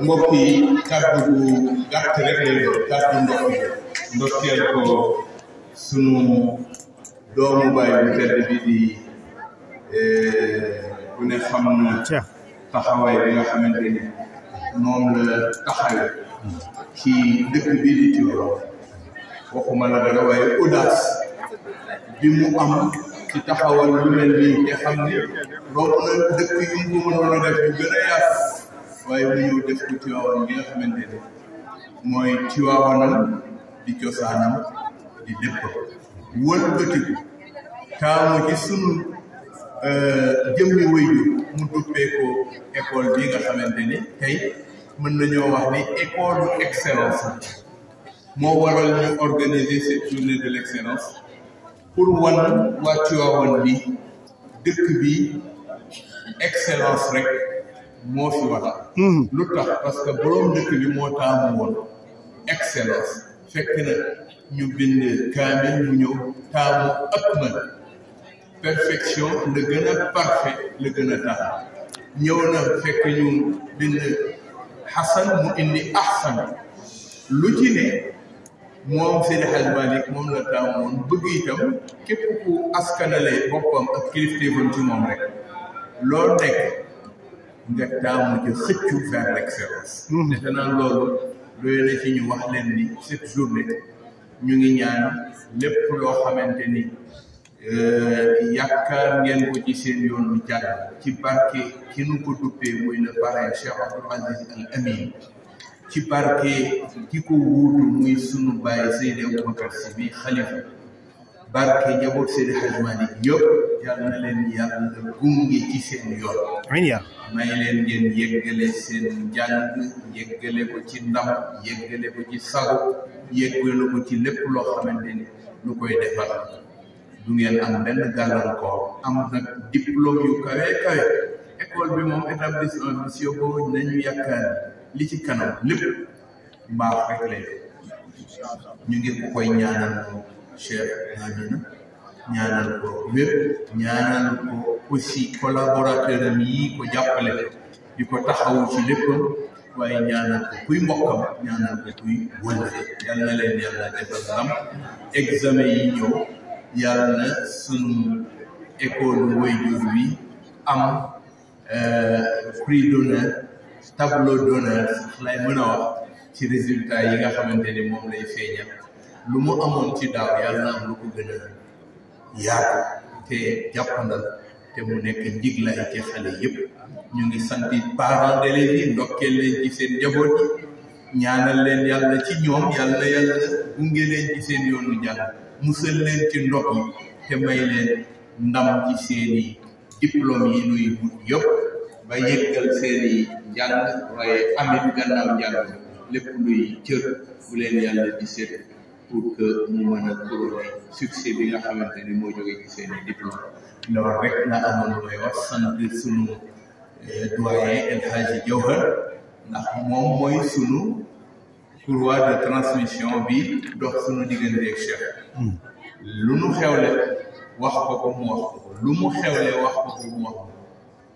mbokk yi kàddu bu gàtt rek lay doon kàddu mbokk ko sunu doomu baay bu tedd bi di eh, ku ne xam na taxawaay bi nga xamante ni moom la taxawe dëkk bii di Tiwaawan waxuma la dara waaye audace bi mu am ci taxawal lu mel nii te xam ne loolu na dëkk yu mu mënoon a def yu gën waaye bu ñëw def ko bi nga xamante ne mooy Tiwaawanam di cosaanam di lépp wëlbatiku taamu ci sunu euh, jëmmi wéyju mu duppee école bi nga xamante ni tey mën nañoo wax ni école du excellence moo waral ñu organiser cette journée de l'excellence pour wan waa Tiwaawan bi dëkk bi excellence rek moo fi war hmm. lu tax parce que borom dëkk bi moo taamu woon excellence fekk na ñu bind kaamil mu ñëw taamu ak man perfection la parfait la gën ñëw na fekk ñu bind xasan mu indi ahsan lu ci ne moom Seydi Hadj Malick moom la taamoon bëgg itam képp ku askanale boppam ak kilifteefam ci moom rek loolu nekk nga taamu ci xëccu vers l'excellence defe mm-hmm. naa loolu doy na ci ñu wax leen ni cette journée ñu ngi ñaan lépp loo xamante ni euh, yaakaar ngeen ko ci seen yoonu jàll ci barke ki nu ko duppee muy le parrain Cheikh Abdou Aziz Al Amin ci barke ki muy sunu bàyyi barke njaboot Seydi Hadj Malick yëpp yal na leen yàlla gunge ci seen yoon. amiin yaa may leen ngeen yëggale seen jàng yëggale ko ci ndam yëggale ko ci sago yëggale ko ci lépp loo xamante lu koy defar du ngeen am benn gàllankoor am nag diplôme yu kawe kawe école bi moom établissement bi si ko nañu yaakaar li ci kanam lépp mbaax rek lañu ñu ngi ko koy ñaanal moom. Cheikh Madina ñaanal ko wér ñaanal ko aussi collaborateur am yi ko jàppale di ko taxawu ci lépp waaye ñaanal ko kuy mbokkam ñaanal ko kuy wëllëre yal na leen yàlla defal ndam yi ñëw yàlla na sunu école wayjur wi am prix d'honneur tableau d'honneur lay mën a ci résultat yi nga xamante ni moom lay feeñal lu mu amoon ci daaw yàlla am lu ko gën a yaatu te jàppandal te mu nekk njiglaay ci xale yëpp ñu ngi santi parents d'élèves yi ndokkeel leen ci seen njaboot yi ñaanal leen yàlla ci ñoom yàlla yàlla gunge leen ci seen yoonu jàng musal leen ci ndox yi te may leen ndam ci seeni diplôme yi nuy wut yëpp ba yëggal seeni njàng waaye amit gannaaw njàng lépp luy cër bu leen yàlla di seet pour que mu mën a couronné succès bi nga xamante ni moo jógee ci seen i diplôme loolu rek la amoon looy wax sant sunu euh, doyen El Hadji Diawhar ndax bi dox lu nu xewle wax ko ko mu wax ko lu mu xewle wax ko ko mu wax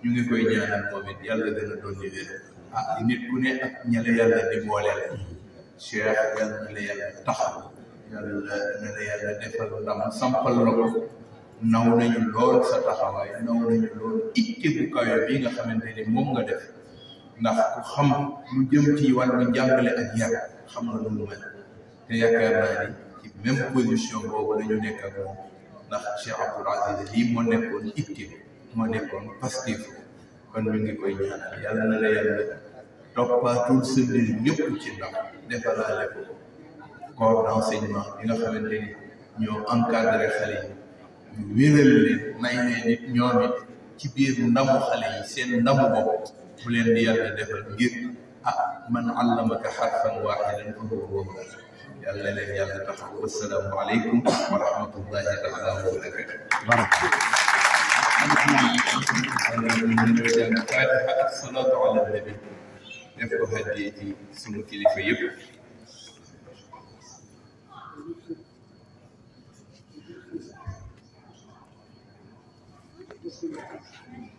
ñu ngi koy ñaanal moom yàlla gën a doon leen ah nit ne ak ña yàlla di booleel Cheikh yàlla na la yàlla taxaw yàlla na la yàlla la ko naw nañu lool sa taxawaay naw nañu lool itte bu kawe bi nga xamante ni moom nga def ndax ku xam lu jëm ci wàllu njàngale ak yar xam na lu mu mel te yaakaar naa ni ci même position boobu la ñu nekk moom ndax Cheikh Abdoul Aziz lii moo nekkoon itte moo nekkoon pastif kon mi ngi koy ñaanal yàlla na la yàlla toppaatul sa mbir ñëpp ci ndam defalaale ko. corps d'enseignement bi nga xamante ni ñoo encadré xale yi ñu wéral leen nay ne nit ñoom it ci biir ndamu xale yi seen ndamu bopp bu leen di yàlla defal ngir ah man allamaka xarfan waaxidan fa huwa boobu yàlla leen yàlla taxaw wassalaamu aleykum wa rahmatullahi taala wa barakatuh salaatu ala nabi def ko haddee ci sunu kilifa yëpp Thank you.